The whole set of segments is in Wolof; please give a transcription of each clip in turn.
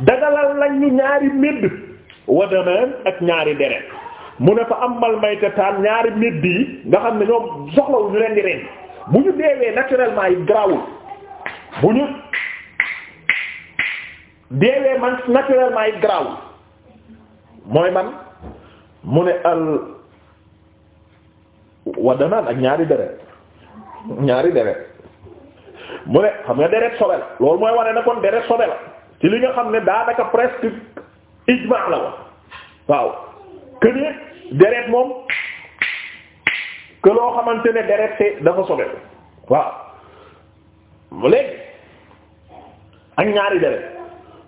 dagalal lañ ñu ñaari médd wa ak ñaari deret mu ne fa amal maytataan ñaari médd yi nga xam ne ñoom soxlawu ñu leen di ren bu ñu deewee naturellement yi grawul bu ñu deewee man naturellement yi grawul mooy man mu ne al wa ak ñaari deret ñaari deret mu ne xam nga deret sobe la loolu mooy wane na kon deret sobe la ci li nga xam ne daanaka presque ijmaa la woon waaw que deret moom këloo xamante ne deret te dafa sobe waaw mu léegi ak ñaari deret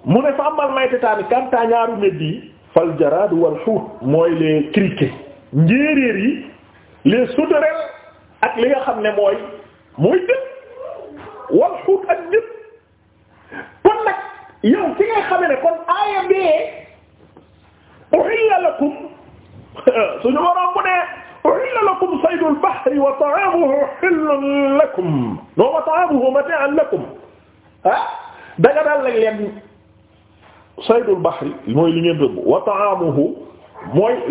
mu ne fa amal maytataani kanta ñaaru medd yi fal jaraad wal xuut mooy les criquets njéeréer yi les sauterelles ak li nga xam ne mooy mooy jën wal ak jën yow ci ngay xamee ne kon aaya bee uhilla lakum suñu lakum saydul bahri wa ta'amuhu hillun lakum no wa ta'amuhu mata'an lakum ah daga daal lañ leen saydul bahri mooy li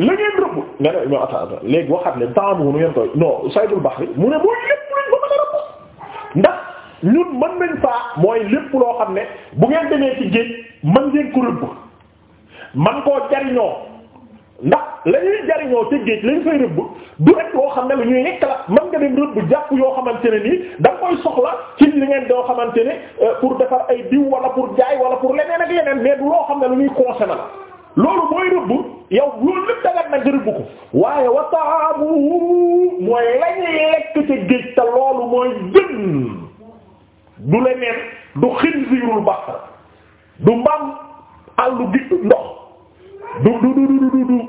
la ngeen rëbb nga ne ñoo attendre léegi waxaat leen ta'amuhu nu ngeen koy non saydul bahri mu ne mooy lépp luñ ko mën a rëbb ñun mën nañ faa mooy lépp loo xam ne bu ngeen demee ci géej mën ngeen ko rëbb man koo jariñoo ndax la ñuy jariñoo ci géej lañ fay rëbb du rek loo xam ne lu ñuy yekk la mën nga dem rëbb jàpp yoo xamante ne nii da nga koy soxla ci li ngeen doo xamante ne euh, pour defar ay diw wala pour jaay wala pour leneen ak leneen mais du loo xam ne lu ñuy consommer la loolu mooy rëbb yow loolu lépp dagat na nga rëbb ko waaye wataabu mooy lañuy lekk ci géej te loolu mooy du leneen du xinziirul baqar du mbaam àllu gi ndox du du du du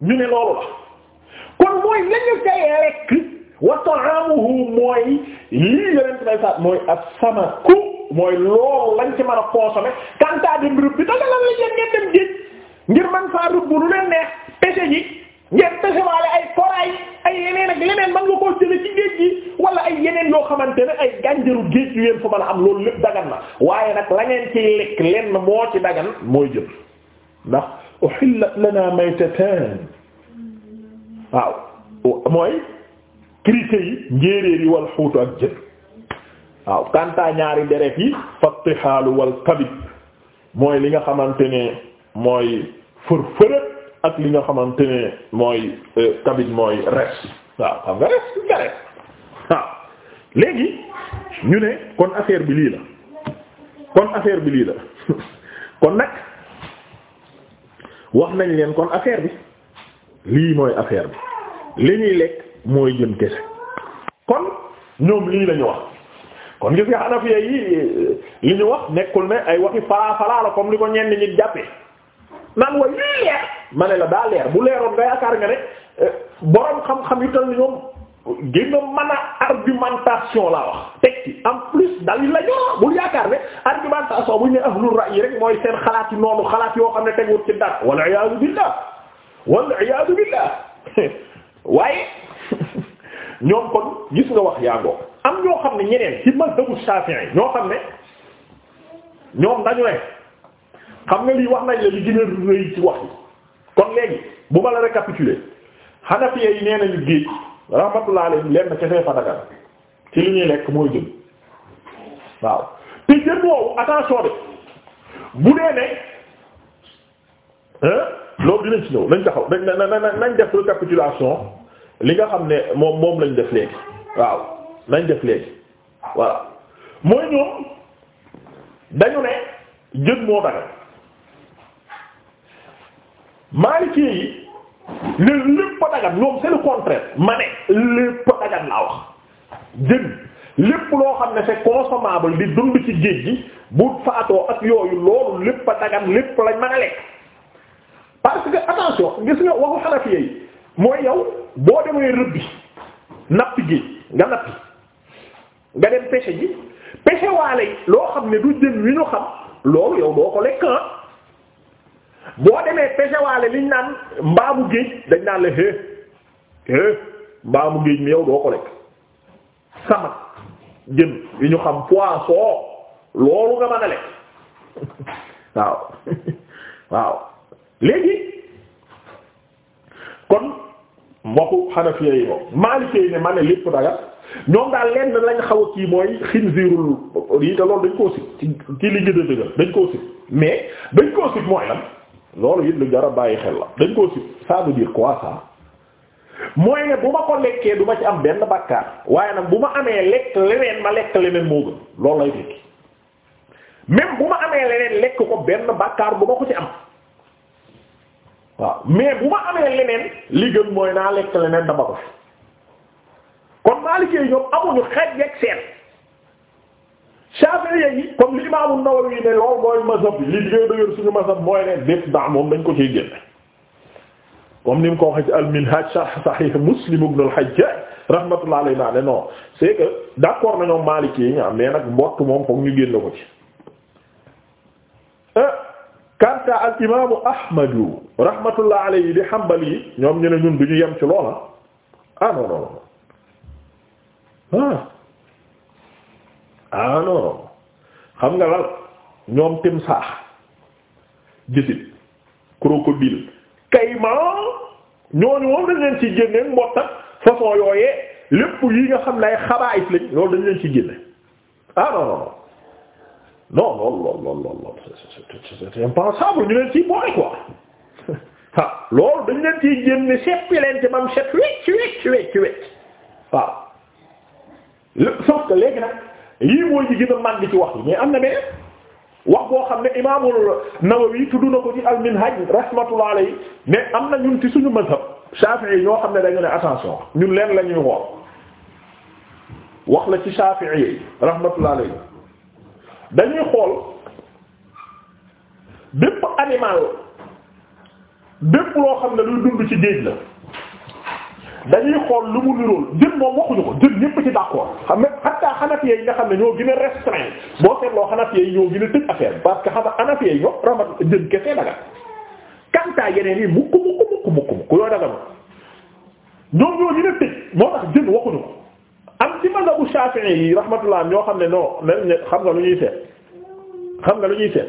ñu ne loolu la kon mooy lañu cay rekk wa ta'amuhu mooy lii yonent may saat mooy as-samaku mooy loolu lañ ci mën a consommer kantaa dem rëbb bi la la la ngeen dem géej ngir man faa rëbb lu leen neex pêche ji ngeen tasewaale ay foraay ay yeneen ak leneen man nga koo jële ci géej gi wala ay yeneen yoo xamante ne ay gànjaru géej yu yéen fa mën a am loolu lépp dagan na waaye nag la ciy lekk lenn moo ci dagan mooy jëm ndax uhillat lana maytatan waaw mooy criquet yi njéeréer yi wal xuutu ak jën waaw kanta ñaari deret yi fattihaalu wal kabid mooy li nga xamante ne mooy fër fërët ak li nga xamante ne mooy kabit euh, mooy res waaw xam nga res nga res waaw léegi ñu ne kon affaire bi lii la kon affaire bi lii la kon nag wax nañ leen kon affaire bi lii mooy affaire bi li ñuy lekk mooy jën kese kon ñoom lii lañu wax kon gis nga Hanafiya yi euh, li ñu wax nekkul ne ay waxi falaa falaa la comme li ko ñenn ñi jàppee naan way lii leer ma la daa leer bu leeroon nga yaakaar nga ne eh, borom xam-xam yu tal ni ñoom gën a mën a argumentation laa wax teg ci en plus dalil la ñoo bul yaakaar ne argumentation bu ñu ne ahlul ra'yi rek mooy seen xalaat yi noonu xalaat yoo xam ne teguwul ci dara wal iyaadu billah wal iyaadu waaye ñoom kon gis nga wax yaa ngoo am ñoo xam ne ñeneen ci mazhabu Shafi'i ñoo xam ne ñoom dañu ne xam nga lii wax nañ la li gën rëy ci wax léegi bu ma la récapituler Hanafiya yi nee nañu géej rahmatullah alayhim lenn kese fa dagan ci li ñuy lekk mooy jën waaw te jën woowu attention de bu dee ne loolu dinañ si ñëw nañ taxaw nañ nañ nañ def récapitulation li nga xam ne moom moom lañ def léegi waaw nañ def léegi voilà mooy ñoom dañu ne jën moo dagan Maliki yi ne lépp dagan ñoom c'est le contraire ma ne lépp dagan laa wax jën lépp loo xam ne se consommable di dund ci géej gi bu faatoo ak yooyu loolu lépp a dagan lépp lañ mën a lekk parce que attention gis nga waxu Hanafiya yi mooy yow boo demee rëbbi nappi géej nga nappi nga dem pêche ji pêche waale yi loo xam ne du jën wi ñu xam loolu yow doo ko lekk ah. boo demee pesewaale liñ naan mbaamu géej dañ naan la hé hé mbaamu géej mi yow doo ko lekk sama jën yu ñu xam poisson loolu nga mën lekk waaw waaw léegi kon mbokku xanafiya yi moom maalikee yi ne ma ne lépp daga ñoom daal lenn lañ xaw a kii mooy xinziirul yi te loolu dañ koo sit ci li gën a dañ koo sit mais dañ koo sit mooy lan loolu it lu jar a bàyyi xel la dañ koo si ça veut dire quoi mooy ne bu ma ko lekkee du ma ci am benn bakkaar waaye nag bu ma amee lekk leneen ma lekk leneen moo gën loolu lay tekki même bu ma amee leneen lekk ko benn bakkaar bu ma ko ci am waaw mais bu ma amee leneen li gën mooy naa lekk leneen dama ko fi kon maalikee ñoom amuñu xaj ak seet Shafi'i yi comme li Imam An-Nawawi ne lool mooy mazhab li liggéey dëgër suñu mazhab mooy ne bépp daa moom dañ ko ci génne comme ni mu ko waxee ci Al-Minhaj sharh Sahih Muslim ibn al-Hajjaj rahmatullah alayhi naa ne non c'est que d'accord nañoo Maliki yi ñu ah, am mais nag mbott moom foog ñu génne ko ci kanta euh, al imaamu Ahmadu rahmatullah alayhi di Hanbali yi ñoom ñu ne ñun du ñu yem ci loola ah non non ah. ah non xam nga lan ñoom timsaax gisit crocodile kayma ñooñu moom dañ leen ci génne mbottak façon yooyee lépp yi nga xam ne ay xabaayis lañ loolu dañ leen ci génne ah non non non loolu loolu loolu loolu c'est c'est impensable ñu leen ciy boole quoi ah loolu dañ leen ciy génne seppi leen ci bam set wecc wecc wecc wecc waaw ah. sauf que léegi nag yii mooy ji gën a màgg ci wax yi mais am na beneen wax boo xam ne imaamul Nawawi tudd na ko ci al-Minhaj rahmatullah alayhi mais am na ñun ci suñu mazhab Shafi'i yi ñoo xam ne dañu ne attention ñun leen la ñuy xool wax la ci Shafi'i yi rahmatullah alayhi dañuy xool bépp animal bépp loo xam ne luy dund ci géej la. dañuy xool lu mu nirool jën moom waxuñu ko jën ñëpp ci d'accord xam ne hatta Hanafiya yi nga xam ne ñoo gën a restreint boo seetloo Hanafiya yi ñoo gën a tëj affaire parce que xam nga Hanafiya yi ñoo ramat jën kese daga kantaa yeneen yi mukk mukk mukk mukk mukk yooyu daga ñoom ñoo gën a tëj moo tax jën waxuñu ko am ci mazhabu Shafi'i yi rahmatullah ñoo xam ne non xam nga lu ñuy seet xam nga lu ñuy seet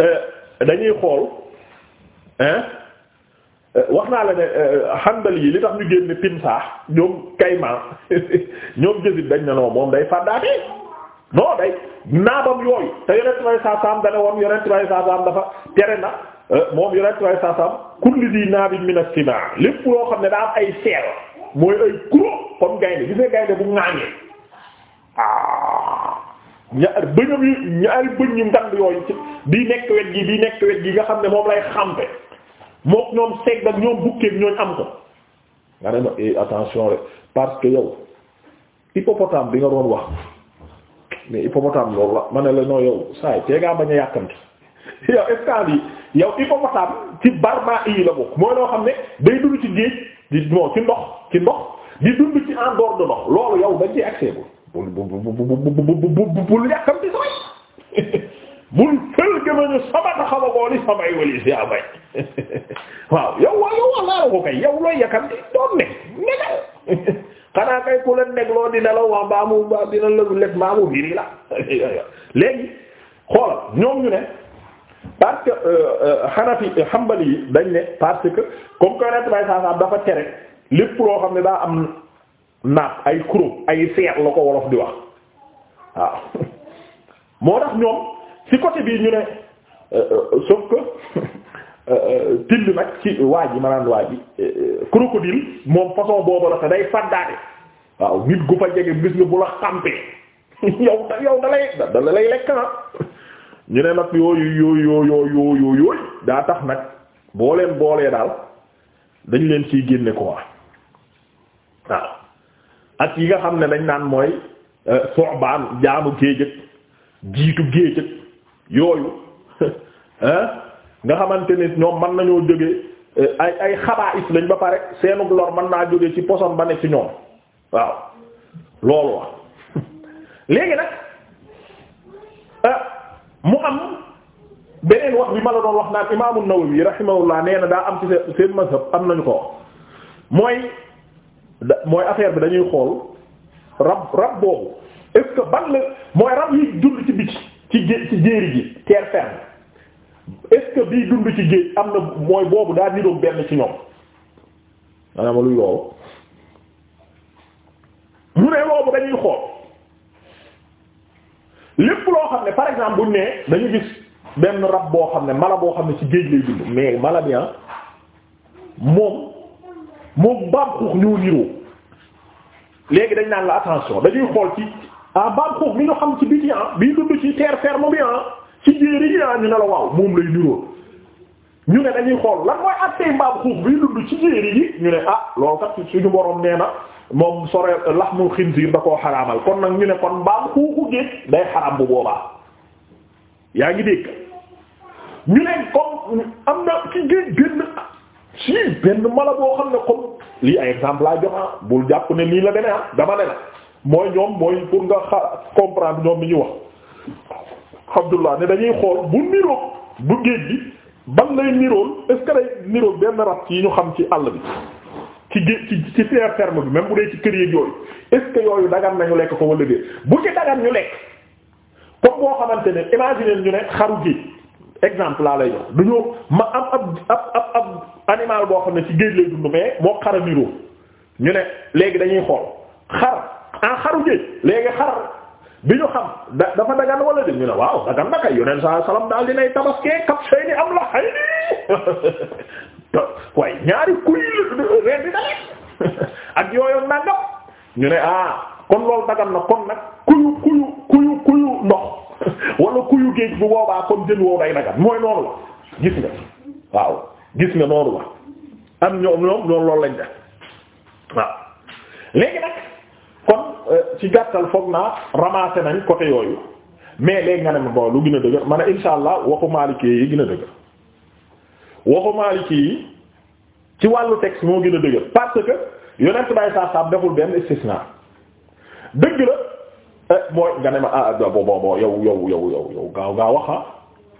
euh, dañuy xool Euh, wax naa la ne xandal euh, yi li tax ñu génne timsaax ñoom kayma ñoom jësit dañ ne non moom day fàddaatee non day naabam yooyu te yonent bay saasaam da ne woon saasaam dafa tere na euh, moom yonent bay saasaam kulli di naabin lépp loo xam ne daal ay seel mooy ay kuro comme gaynde gis gaynde bu ŋaañee ah ñaar bëñam yi ñaari bëñ yu ngand yooyu bii nekk wet gi bii nekk wet gi nga xam ne moom lay xampe moo ñoom segg ak ñoom bukkeek ñooñ am ko nga ne ma eh attention rek parce que yow hippopotame bi nga doon wax mais hippopotame loolu la ma ne la non yow saay tee ngaa bañ a yàkkamti yow instant bi yow hippopotame ci barma yi la bokk mooy loo xam ne day dund ci géej di moo ci ndox ci ndox di dund ci en dehors de ndox loolu yow dañ ci accès bu bu bu bu bu bu bu bu bu bu bu bu bul fël gëmëñu sama taxawa koo li samay wali si abay waaw yow waaw yow wallaahu ko kay yow looy yakam di doon ne negal xanaa kay ku la negloo dina la wax baa mu dina la lekk baa mu biri la léegi xoolal ñoom ñu ne parce que euh, euh, Hanafi Hanbali yi dañ ne parce que comme que bay saa saa dafa tere lépp loo xam ne daa am naat ay kuróom ay seet la ko wolof di wax waaw moo tax ñoom ci côté bii ñu ne euh, euh, sauf que euh, nag ci waa ji maanaam waa ji crocodile moom façon boobu la te day faddaate waaw nit gu fa jege gis nga bu la xàmpee yow da yow da lekk na ah. ñu ne nag yooyu yooyu yooyu yooyu daa tax nag boo leen boolee daal dañ leen ciy génne ko waa ak yi nga xam ne dañ naan mooy soxbaan jaamu géej jiitu géej yooyu nga xamante ni ñoom mën nañoo jóge eh, ay ay xabaa'is lañ ba pare seenug lor mën naa jóge ci poson ba ne ci ñoom waaw loolu wa léegi nag ah, mu am beneen wax bi ma la doon wax naan imaamu Nawawi rahimahullah nee na daa am ci seen mazhab am nañu ko wax mooy da mooy affaire bi dañuy xool rab rab boobu est-ce mooy rab yi dund ci biti jé ci jéeri ji terre ferme est-ce que bii dund ci géej am na mooy boobu daal niroog benn ci ñoom maanaam ma luy loolu mu ne loolu dañuy xool lépp loo xam ne par exemple buñ ne dañu gis benn rab boo xam ne mala boo xam ne ci géej lay dund mais mala bi ah, moom moom mbaam xuux ñoo niroo léegi dañ naan la attention dañuy xool ci ah baam xuux mi ñu xam ci biti ah bii dund ci terre ferme bi ah, ah ñu ne la waaw moom lay niroon ñu ne dañuy xool lan mooy attey mbaam xuux bii dund ci jéeri gi ñu ne ah loolu kat suñu borom nee na moom sore laxmul xinsiir da koo xaraamal kon nag ñu ne kon mbaam xuuxu géej day xaraam bu boobaa yaa ngi dégg ñu ne comme am na ci géej génn si benn mala boo xam ne comme lii ay exemple laa jox ah bul jàpp ne nii la deme ah dama ne la mooy ñoom mooy pour nga xa comprendre ñoom mi ñu wax Abdullah ne dañuy xool bu niroog bu géej gi ban lay nirool est ce que day nirool benn rab yi ñu xam ci àll bi ci géej ci ci terre ferme bi même bu dee ci kër yeeg yooyu est ce que yooyu dagan nañu lekk ko wala déet bu ci dagan ñu lekk comme boo xamante ne imaginer ñu ne xaru géej exemple laa lay jox dañoo ma am ab ab ab ab animal boo xam ne ci géej lay dund mais moo a nirool ñu ne léegi dañuy xool xar. en ah xaru géej léegi xar bi ñu xam da dafa dagan wala de ñu ne waaw dagan na kay yoneen sa salaam daal dinay tabaskee kap sey ni am la xay nii waaye ñaari kuy reen di dagan ak yooyoon nangam ñu ne ah kon loolu dagan na kon nag kuyu kuyu kuyu kuyu ndox wala kuyu géej bu boobaa kon jën woo day dagan mooy noonu la gis nga waaw gis nga noonu la am ñoom ñoom loolu lañ def waaw léegi nag ci gàttal foog naa ramassé nañ côté yooyu mais léegi nga ne ma bon lu gën a dëgër ma ne insha allah waxu Maliki yi gën a dëgër waxu Maliki yi ci wàllu texte moo gën a dëgër parce que yonent bay saa deful benn istisna dëgg la eh, mooy nga ne ma ah bo bo bo yow yow yow yow yow gaaw gaaw waxa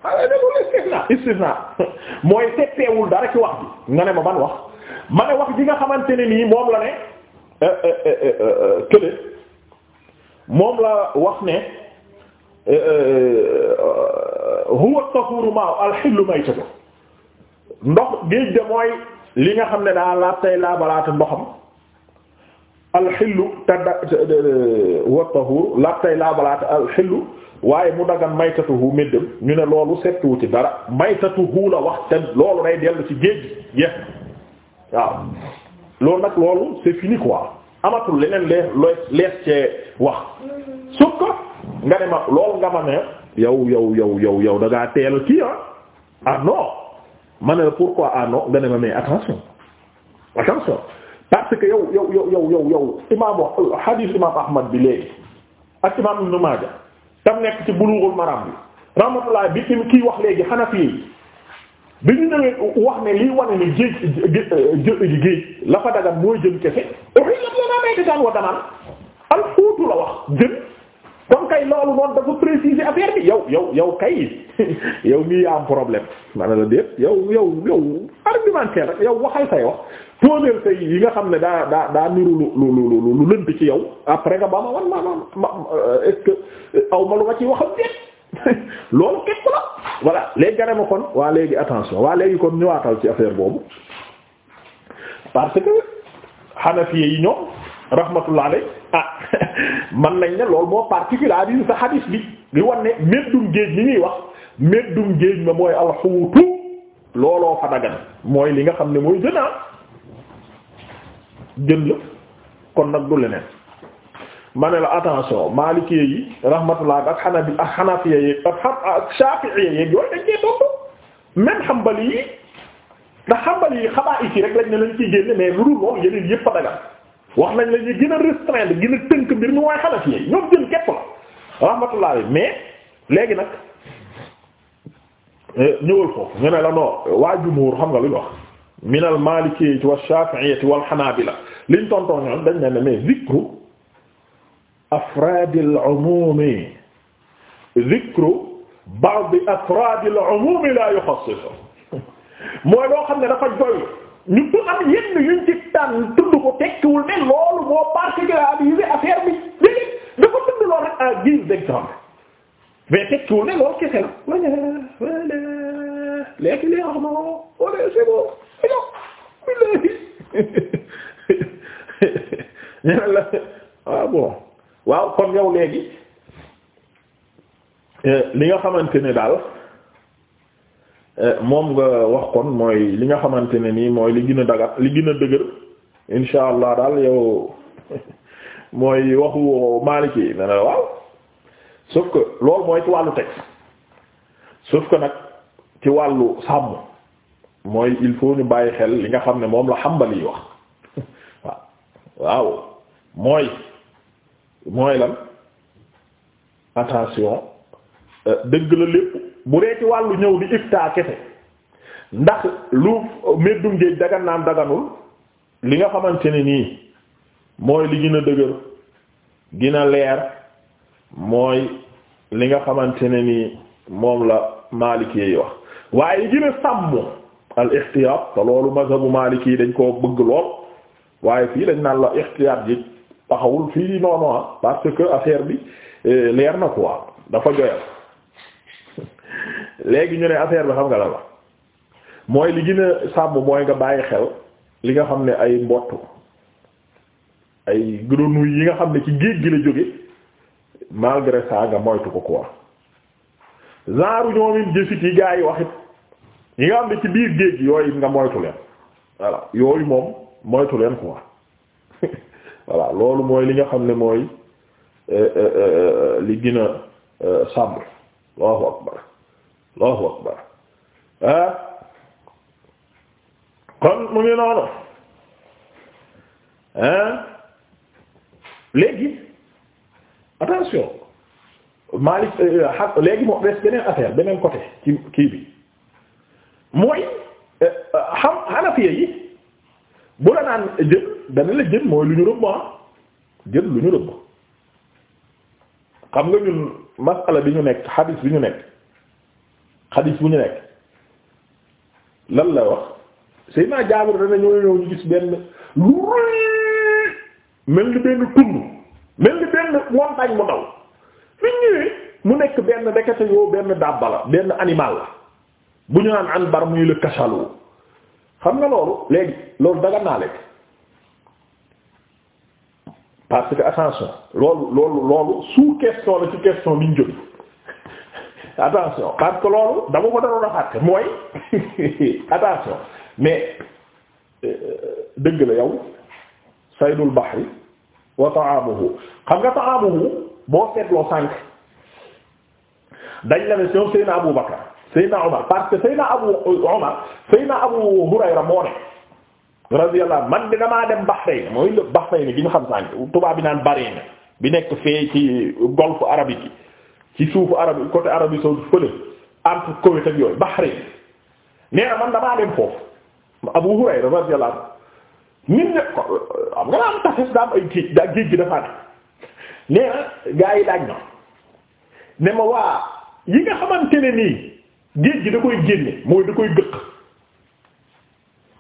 ah, ah deful istisna istisna mooy setteewul dara ci wax bi nga ne ma ban wax ma wax ji xamante ne nii moom la ne eh, eh, kële moom la wax ne eh, eh, huwa tahuru ma alxillu maytatu ndox géej de mooy li nga xam ne daa laab tay laabalaata ndoxam alxillu te da huwa tahuru laab tay laabalaata alxillu waaye mu dagan maytatuhu méddam ñu ne loolu settuwu ci dara maytatuhu la wax te loolu day dellu ci géej gi jeex waaw loolu nag loolu c'est fini quoi amatul leneen lees lees cee wax suuf nga ne ma loolu nga ma ne yow yow yow yow yow da ngaa teel kii ah ah ma ne pourquoi ah nga ne ma mais attention attention parce que yow yow yow yow yow yow imaamu hadith Ahmad bi léegi ak imam Ibn Maaja tam nekk ci Bulughul Maram bi rahmatullah bi kii wax léegi Hanafi dañu ñëwee wax ne lii wane ne géej géej géej la fa dagan mooy jën kese oxi lam al xuutu la wax jën kon kay loolu noonu dafa préciser affaire bi yow yow yow kay yow mii yaa am problème mana la déet yow yow yow argumentaire rek yow waxal say wax tóoneel say yi nga xam ne daa daa daa niru lu lu lu lënt ci yow après nga ba ma wan ma ma euh, est-ce que euh, aw ma lu ma ci waxam déet loolu képp la voilà léegi gare ma kon waa léegi attention waa léegi kon ñëwaatal ci affaire boobu parce que xanafiye yi ñoom rahmatullah ah man nañ ne loolu moo particularise sa bi li wan ne meddum géej mi ñuy wax meddum géej ma mooy alxuutu looloo fa dagan mooy li nga xam ne mooy jën ah jën la kon nag du leneen maa ne la attention Maliki yi rahmatullah ak Hanafi ak xanaa yi ak Shafi'i yi yooyu dañ koy topp même Hanbali yi ndax Hanbali yi lañ ne lañ ciy génne mais lu dul loolu yeneen yëpp a dagal wax nañ la ñu a restreindre gën a tënk mbir mi waaye Hanafi yi ñoom jën képp la rahmatullah mais léegi nag eh, ñëwal foofu ñu ne la non waa jumhur xam nga lu ñu wax. minal Malikiyya wa Shafi'iyya wal Hanabila liñ tontoon ñoom dañ ne mais zikru afraadil umumi zikru ba'di afraadil umumi laa yuxassisu mooy loo xam ne dafa doy ñu tudd am yenn yuñ ci tànn tudd ko tekkiwul ne loolu moo particularisé affaire bi léegi dafa tudd loolu rek à guise ah, d'exemple mais tekkiwul ne loolu kese la voilà léegi léegi xam bi léegi ñu ne ah, waaw kon yow léegi euh, li nga xamante ne daal euh, moom nga wax kon mooy li nga xamante ne nii mooy li gën a dagat li gën a dëgër insha allah daal yow mooy waxu Maliki yi ne ne waaw sauf que loolu mooy ci wàllu texte sauf que nag ci wàllu sàmm mooy il faut ñu bàyyi xel li nga xam ne moom la Hanbali yi wax waaw mooy mooy lan attention euh, dëgg la lépp bu dee ci wàllu ñëw di ifta kese ndax lu meddum géej dagan naan daganul li nga xamante ne nii mooy li gën a dëgër gin a leer mooy li nga xamante ne nii moom la Maliki yi wax waaye gën a sàmm al ihtiyaat te loolu mazhabu Maliki yi dañ koo bëgg lool waaye fii dañ naan la ihtiyaat ji taxawul fii noonu ah, parce que affaire bi eh, leer na quoi dafa joyal léegi ñu ne affaire bi xam nga la la mooy li gën a sàmm mooy nga bàyyi xel li nga xam ne ay mbott ay grenouille yi nga xam ne ci géej gi la jóge malgré ça nga moytu ko quoi genre ñoomin jëfit yi gaa yi waxit yi nga xam ne ci biir géej gi yooyu nga moytu leen voilà yooyu moom moytu leen quoi voilà loolu mooy li nga xam ne mooy euh, euh, euh, li gën a sàmm allahu akbar allahu akbar ah kon mu ngi noonu ah léegi attention Malik léegi moo beneen affaire beneen côté ci kii bi mooy xam Hanafiya yi bu naan jël dana la jën mooy lu ñu rëbb ah jën lu ñu rëbb xam nga ñun masala bi ñu nekk xadis bi ñu nekk xadis bu ñu nekk lan la wax Seydina Jaabir dana ñoo ñëw ñu gis benn lu mel ni benn tund mel ni benn montagne mu ndaw fi mu nekk benn ndekete yoo benn dàbba benn animal la bu ñu naan anbar muy le kasalu xam nga loolu léegi loolu daga naa lekk parce que attention loolu loolu loolu sous question la ci question bi ñu jóg attention parce que loolu dama ko daroon a fàtte mooy attention mais euh, dëgg la yow saydul bahri wa ta'amuhu xam nga ta'amuhu boo seetloo sànq dañ la ne ñoom Seydina Abu Bakar Seydina Omar parce que Seydina Abu Omar Seydina Abu Hurayra moo ne radiyallahu man bi damaa dem Bahrain mooy lëpp Bahrain bi xam sànq tubaab bi naan Bahrain bi nekk fee ci golfe arabique yi ci suufu arabi côté Arabie saoudite fële entre Koweït ak yooyu Bahrain nee man damaa dem foofu Abu Hurayra radiyallahu nit ne ko am nga naa am tafes daa am ay géej gi dafa ne nee gaa yi daaj na ne ma waa yi nga xamante nii géej gi da koy génne mooy da koy gëq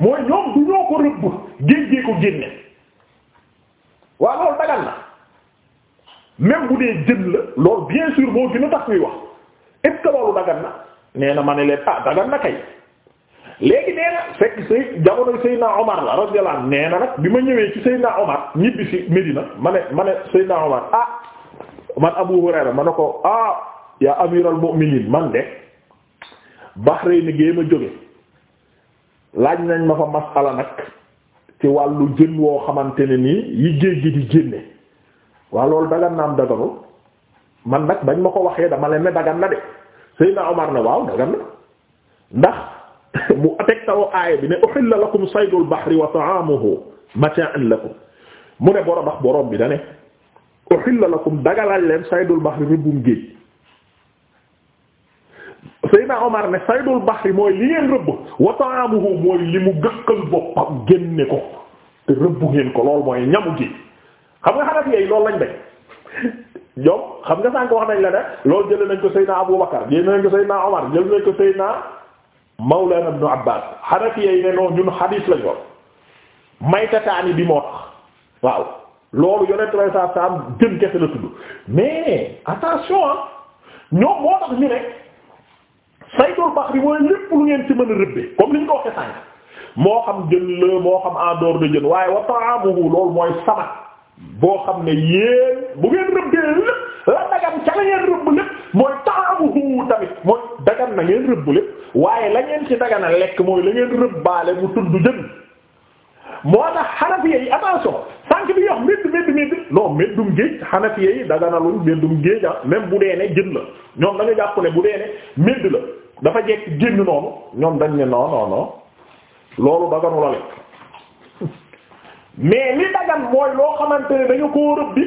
mooy ñoom du ñoo ko rëbb géejgee ko génne waa loolu dagal na même bu dee jën la loolu bien sûr moo gën tax ñuy wax est ce que na nee na ma ne leen ah dagan na kay léegi nee na fekk say jamono Seydina Omar la radiyallahu anhu nag bi ma ñëwee ci Seydina Omar ñibbi ci Medina ma ne ma ne Seydina Omar ah man Abu Hurayra ma ne ko ah ya amiral mu'minin man de Bahrayn géem jóge laaj nañ ma fa masala nag ci wàllu jën woo xamante ne nii yi géej gi di génne waa loolu dagan na am daganul man nag bañ ma ko waxee dama leen ne dagan na de Seydina Omar ne waaw dagan na ndax mu tegtaloo aaya bi ne uhilla lakum saydul bahri wa ta'amuhu mata'an lakum mu ne boroom ndax boroom bi da ne uhilla lakum dagalal leen saydul bahri rëbbum géej Seydina Omar ne saydul baxri mooy li ngeen rëbb wa ta'amuhu mooy li mu gëkkal boppam génne ko te rëbb ngeen ko lool mooy ñamu ji xam nga xanaa fi lool lañ bañ ñoom xam nga sànq wax nañ la ne loolu jëlee nañ ko Seydina Abu Bakar jëlee nañ ko Seydina Omar jëlee nañ ko Seydina Mawlana Ibn Abbas xanaa fi ne noonu ñun xadiis lañ ko maytataani bi moo tax waaw loolu yonent bay saa saa am jën kese la tudd mais attention ah ñoom moo tax ñu ne. saydul baxri mooy lépp lu ngeen ci mën a rëbbe comme li ñu ko waxee sànq moo xam jën la moo xam en dehors de jën waaye wa ta'amuhu loolu mooy samat boo xam ne yéen bu ngeen rëbbee lépp la dagam ca la ngeen rëbb lépp mooy ta'amuhu tamit mooy dagan na ngeen rëbb lépp waaye la ngeen ci dagana lekk mooy la ngeen rëbbaale mu tudd jën moo tax xanafiya yi attention sànq bi yox médd médd médd non méddum géej xanafiya yi daganaluñ méddum géej ah bu dee ne jën la ñoom da jàpp ne bu dee ne médd la dafa jekk génn noonu ñoom dañ ne non non non loolu daganu lekk mais li dagan mooy loo xamante ne dañu koo rëbbi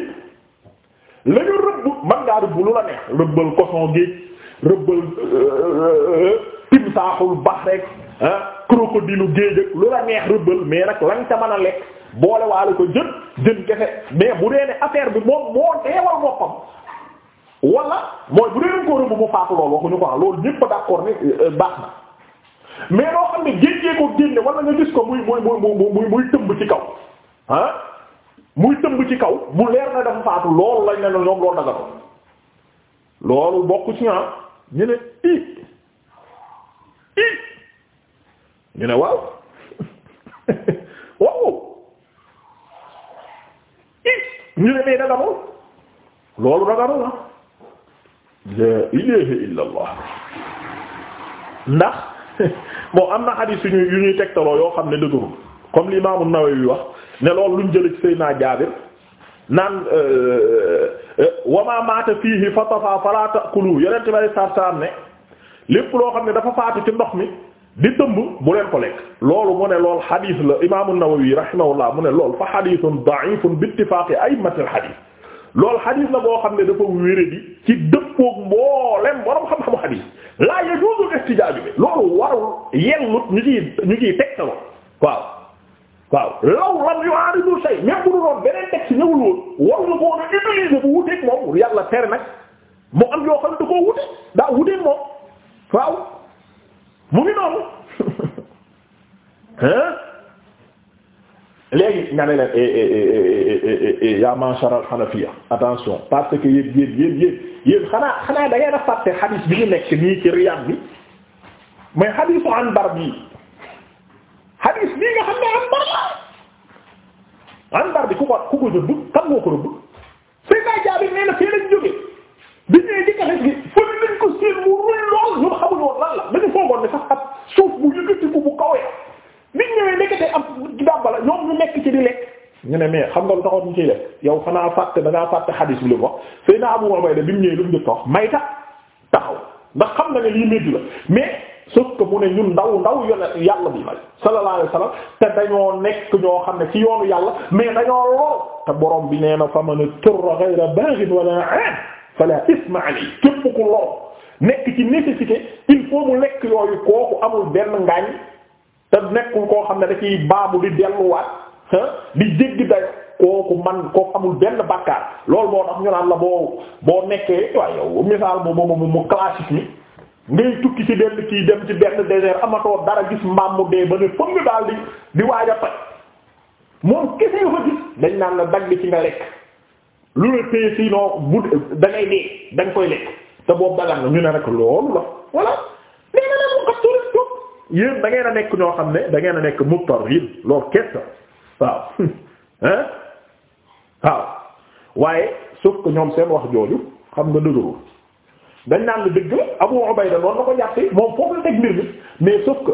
la ñu rëbb man ngaa rëbb lu la neex rëbbal cochon géej rëbbal euh, euh, tim saaxul bax rek crocodile géej ak lu la neex rëbbal mais nag lañ ca mën lekk boole waale ko jën jën kese mais bu dee ne affaire bi moom moo deewal boppam wala mooy bu dee dañ ko rëbb mu faatu loolu waxuñu euh, loo xam ne ko génne gis ko muy muy muy tëmb ci kaw ah muy tëmb ci kaw bu leer na dafa faatu loolu lañ ne la loolu daga ci ah ñu ne i ñu ne waaw wow i ñu ne mais daganul loolu daganul ah. la ndax moo am na xadiis yu ñuy tegtaloo yoo xam ne dëgërul comme lii l'imam an-Nawawi wax ne loolu luñ jële ci naa Jaabir naan euh, euh, wa ma maata fiihi fatafa fala taqulu yonente bi sallallahu alayhi wasallam ne lépp loo xam ne dafa faatu ci ndox mi di dëmb bu leen ko lekk loolu mu ne lool xadis la imaam an-Nawawi rahimahullah mu ne lool fa xadisun da'ifun bi ittifaaqi a'immatil xadis loolu xadis la boo xam ne dafa wéré di ci dëppook mboolem borom xam-xamu xadis laa yajuuzu al-ihtijaaju bi loolu warul yellut ñu ciy ñu ciy tegtaloo waaw. waaw law lam yu'aaridu shay même bu dul woon beneen texte ñëwul woon war na koo utiliser bu wuteeg moom yàlla tere nag mu am yoo xam ne da koo wute daa mu ngi noonu hein léegi eh, eh, eh, yaa mashar hanafiya attention parce que yéen yéen yéen yéen yéen xanaa xanaa da ngeen a bi ñu nekk nii ci Riyad bi mais xadiisu Anbar bi xadiis bii nga xam ne Anbar bi ku ko ku ko rëbb kan moo ko rëbb Seydina Jaabir nee na fii lañ jóge bi ñëwee ci xadiis bi foogoon ne sax ab suuf bu yëkkati ko bu kawee nit ñëwee nekkatee am dàmba la ñoom ñu nekk ci di lekk ñu ne mais xam nga lu taxoon ñu lekk yow xanaa fàtte da ngaa fàtte xadis lu mu wax sëy na Abu Ubayda bi mu ñëwee lu mayta taxaw ndax xam na ne lii médd la mais sauf que mu ne ñun ndaw ndaw yone yàlla bi la sallallahu alayhi wasallam te dañoo nekk ñoo xam ne ci yoonu yàlla mais dañoo lool te borom bi nee na fa man turra ghayra baghin wala 'ad fala isma alayhi képp ku nekk ci nécessité il faut mu lekk yooyu kooku amul benn ngaañ te nekkul koo xam ne da ciy baamu di delluwaat di jéggi dayo kooku man kooku amul benn bakkaar loolu moo tax ñu naan la boo boo nekkee waaye yow misaal mu mu mu classique ni ngay tukki ci benn kii dem ci benn désert amatoo dara gis mbaam mu dee ba ne foog ñu daal di di waaj a moom kese yoo dañ naan la dagg ci nga lekk lu la téye bu da ngay dee da koy lekk. te boobu dagan na ñu ne rek loolu la voilà léegi nag mu xas tuuti tuut yéen da ngeen a nekk ñoo xam ne da ngeen a nekk muttar yéen loolu kese waaw hein waaw waaye sauf que ñoom seen wax jooju xam nga dëgërul dañ naan la dëgg Abu Ubayda noonu la ko jàppee moom foofu la teg mbir mi mais sauf que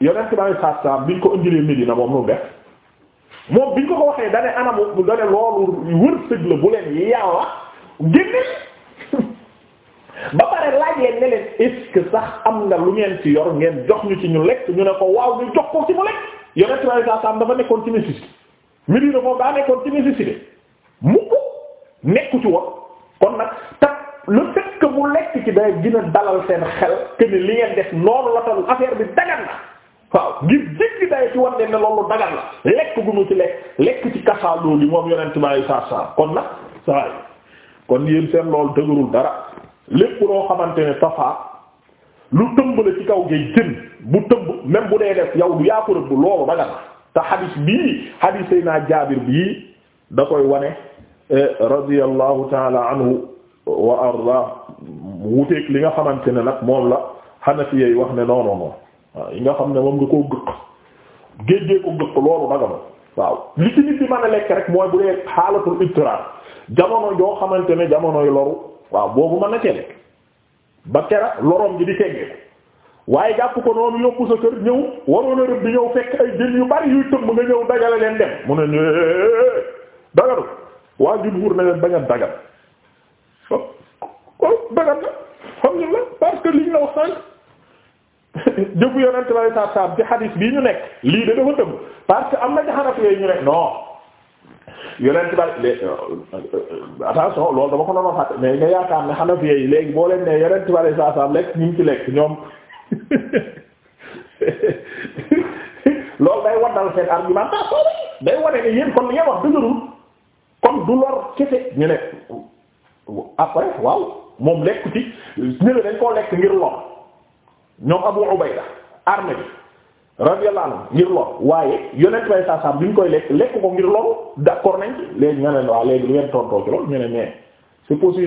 yonent bi saa saa biñ ko indilee Medina moom lu def moom biñ ko ko waxee da anam da ne loolu wërsëg la bu leen yàlla génne. ba pare laaj leen ne leen sax am nga lu ngeen ci yor ngeen jox ñu ci ñu lekk ñu ne ko waaw ñu jox ko ci mu lekk yonent bi saa saam dafa nekkoon ci nécessité Médina moom daa nekkoon ci nécessité mu ko nekku ci woon kon nag tat le fait mu lekk ci day gën a dalal seen xel que ni li ngeen def noonu la tal affaire bi dagan na waaw ngir jéggi day ci wan ne loolu dagan la lekk gu mu ci lekk lekk ci kasaaloo li moom yonent bi saa saam kon nag saa kon yéen seen loolu dëgërul dara. lépp loo xamante ne tafa lu tëmb la ci kaw géej jën bu tëmb même bu dee def yow du yaa ko rëbb loolu daga na te xadis bii xadisay naa jaabir bii da koy wane eh, radiyallahu taala anhu wa arda wuteeg li nga xamante ne nag moom la xanafiya yi wax ne non waaw yi nga xam ne moom nga koo gëq géejgee ko gëq loolu daga na waaw li ci nit di a lekk rek mooy bu dee xaalatul ibtiraar jamono joo xamante ne jamonoy loru waaw boobu mën na cee lekk ba tera lorom ji di teggeeku waaye jàpp ko noonu yóbbu sa kër ñëw waroon a rëbb di ñëw fekk ay jën yu bari yuy tëmb nga ñëw dajale leen dem mu ne ñu dagaru waa jumhur na leen bañ a dagal dagal na alhamdulillah parce que liñ la wax sànq jëfu yonent la saab saab ci hadith bii ñu nekk lii de dafa tëmb parce que am na jaxanat yooyu ñu ne non yonent ba euh, attention loolu dama ko doon fàtte mais nga yaakaar ne xanafi yi léegi boo leen ne yonent ba la saa saa lekk ñu ngi lekk ñoom loolu day waddal seen argumentation day wane ne yéen kon li nga du lor kese ñu ne après waaw moom lekk ci ñu dañ koo lekk ngir lor ñoom Abu Ubayda arme radiyallahu anhu ngir lool waaye yonent bay saasaam bi ñu koy lekk lekk ko ngir loolu d'accord nañ ci léegi nga ne waaw léegi lu ngeen tontoo ci loolu ñu ne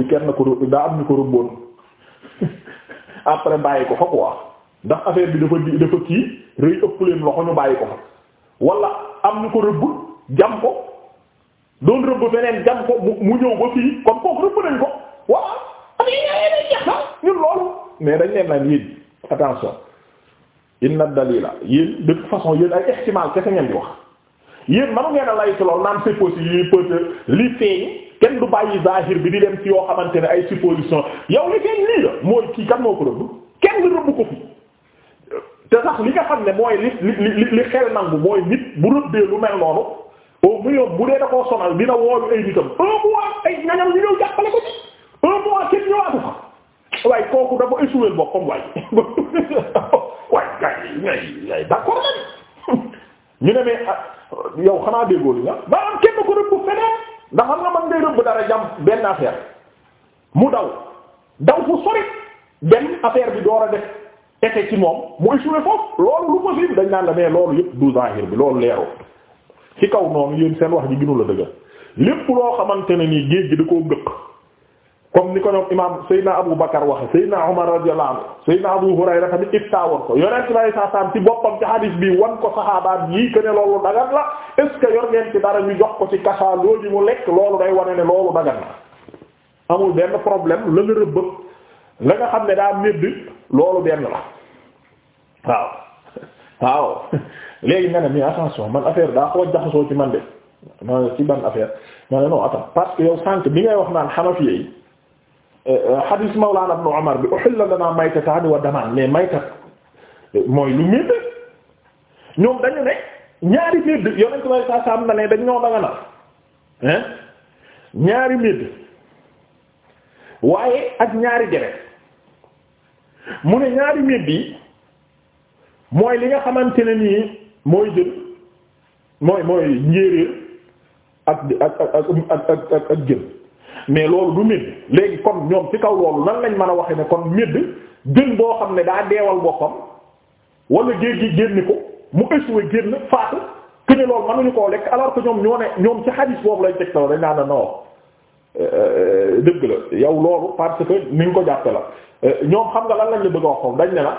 bi kenn ko daa am ko rëbboon bàyyi ko fa affaire bi dafa di dafa kii rëy ëpp bàyyi ko wala am ñu ko rëbb jam ko doon rëbb feneen ah, dañ leen naan yéen attention inna dalila yéen de toute façon yéen ay ihtimal kese ngeen wax yéen manu ngeen a laytu lool naan c'est possible peut-être li feeñ kenn du bàyyi zahir bi di dem ci yoo xamante ne ay supposition yow li feeñ lii la mooy kii kan moo ko rëbb kenn du rëbb ko fi te sax li nga xam ne mooy li li li xel nangu mooy nit bu rëbbee lu mel noonu au moins bu dee da koo sonal dina woolu ay nitam un mois ay nañam ñu ñëw jàppale ko ci un mois kenn ñëwaatu fa kay ngay d'accord la ñu ne mais ah, yow xanaa déggoo li nga ba am kenn ko rëbb feneen ndax xam nga man ngay rëbb dara jam benn affaire mu daw daw fu sori benn affaire bi door a def effet ci moom mu échoué foofu loolu lu possible dañ naan la mais loolu yëpp du zahir bi loolu leeroo ci kaw noonu yéen seen wax ji gënu la dëgër lépp loo xamante ne nii géej gi da koo gëq comme ni ko ñoom imaam Seydina Abu Bakar waxe Seydina Umar radiyallahu anhu Seydina Abu Hurayra tamit iftaawoon ko yonent bi sallallahu alayhi ci boppam ci hadis bi wan ko saxaabaat yii que ne loolu dagat la est ce que ci dara ñu jox ko ci kasa loolu mu lekk loolu day wane ne loolu dagat la amul benn problème la nga rëbb la nga xam ne daa médd loolu benn la waaw waaw léegi nga ne mais attention man affaire daa xaw a jaxasoo ci man de ma ci ban affaire ma ne non attends parce que yow sànq wax naan Hanafi Euh, euh, hadis Mawlana Ibn Umar bi uhilla lana maytatan wa daman euh, mooy lu médd ñoom dañu ne ñaari médd yonentu way sa sam na ne dañ ñoo daganal hein ñaari médd waaye ak ñaari deret mu ne ñaari médd yi mooy li nga xamante ne nii mooy jël mooy mooy njéeréer ak ak ak ak ak ak jël mais loolu du médd léegi kon ñoom ci kaw loolu nan lañ mën a waxe ne kon médd gën boo xam ne daa deewal boppam wala géej gi génn ko mu wa génn faatu que ne loolu mënuñu koo lekk alors que ñoom ñoo ne ñoom ci hadis boobu lañ teg dañ naan non euh, dëgg la yow loolu parce que ni nga ko jàppe la ñoom xam nga lan lañ la bëgg a wax dañ ne la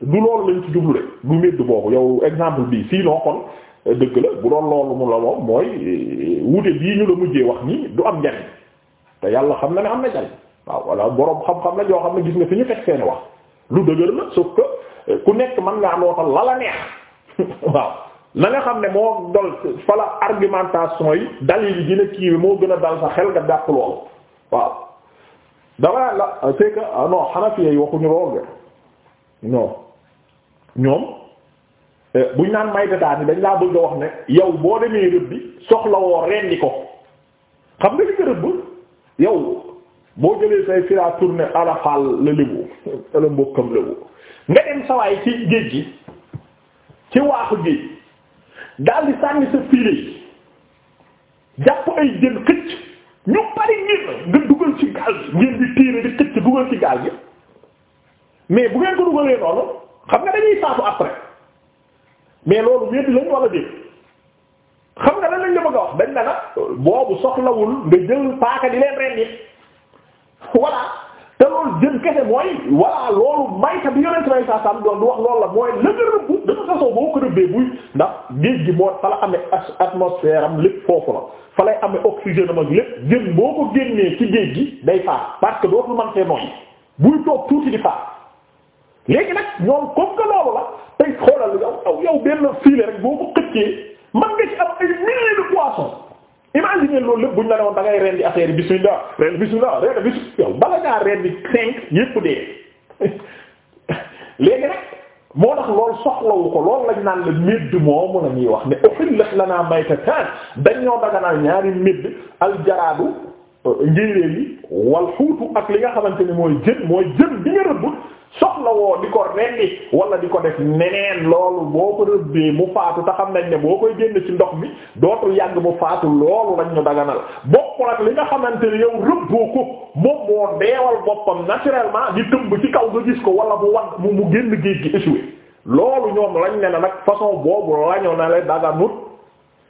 du loolu lañ ci jublu de du médd boobu yow exemple bii sinon kon euh, dëgg la bu doon loolu mu la moom mooy euh, wute bii ñu la mujjee wax nii du am njariñ te yàlla xam na ne am na jariñ waaw walla boroom xam-xam la yoo xam ne gis nga fi ñu teg seeni wax lu dëgër la sauf que euh, ku nekk man ngaa nootal la a neex waaw la nga xam ne moo dol fa la argumentation yi dalil yi gën a kii moo gën a dal sa xel nga dàq loolu waaw dama la euh, c'est que ah non Hanafi yi waxuñu loolu de ñoom euh, buñ naan may dataani dañ laa bëgg a wax ne yow boo demee rëbb bi soxla woo rendi ko xam nga li nga rëbb yow boo jëlee say fira tourné alafaal la lébu ala mbokkam lébu nga dem sawaay ci géej gi ci waaxu géej daal di sànni sa filet yi jàpp ay jën xëcc ñu bari ngir nga dugal ci gaal gi ngeen di tiire di xëcc dugal ci gaal gi mais bu ngeen ko dugalee noonu xam nga dañuy saatu après mais loolu wéet lañ wala déet xam nga lan lañ la bëgg a wax dañ na la boobu soxlawul nga jël paaka di leen rendi voilà te loolu jën kese mooy voilà loolu mayta bi yonent bay saa sam doon du wax loolu la mooy la nga rëbb de boo ko rëbbee buy ndax géej gi moo fa la amee atmosphère am lépp foofu la fa lay amee oxygène am ak lépp jën boo ko génnee ci géej gi day faat parce que dootul man see nooy buy toog tuuti di faat léegi nag ñoom comme que loolu la tey xoolal yow yow benn man nga ci am ay milliers de imagine loolu lépp buñ la ne woon ngay rendi affaire yi bismillah rendi bismillah rendi bismillah bala ngaa rendi cinq yépp dee léegi nag moo tax loolu soxlawu ko loolu lañ naan la médd moomu la ñuy wax ne uhillat lanaa maytatan dañ ñoo daganal ñaari médd aljaraadu njéeréer yi wal xuutu ak li nga xamante ni mooy jën mooy jën bi nga rëbb soxla woo di ko rendi wala di ko def neneen loolu boo ko rëbbee mu faatu te xam nañ ne boo koy génn ci ndox mi dootul yàgg mu faatu loolu lañ ñu daganal bokkul ak li nga xamante ne yow rëbboo ko moom moo deewal boppam naturellement di tëmb ci kaw nga gis ko wala mu wan mu génn géej gi échoué loolu ñoom lañ ne na nag façon boobu lañu na la daganut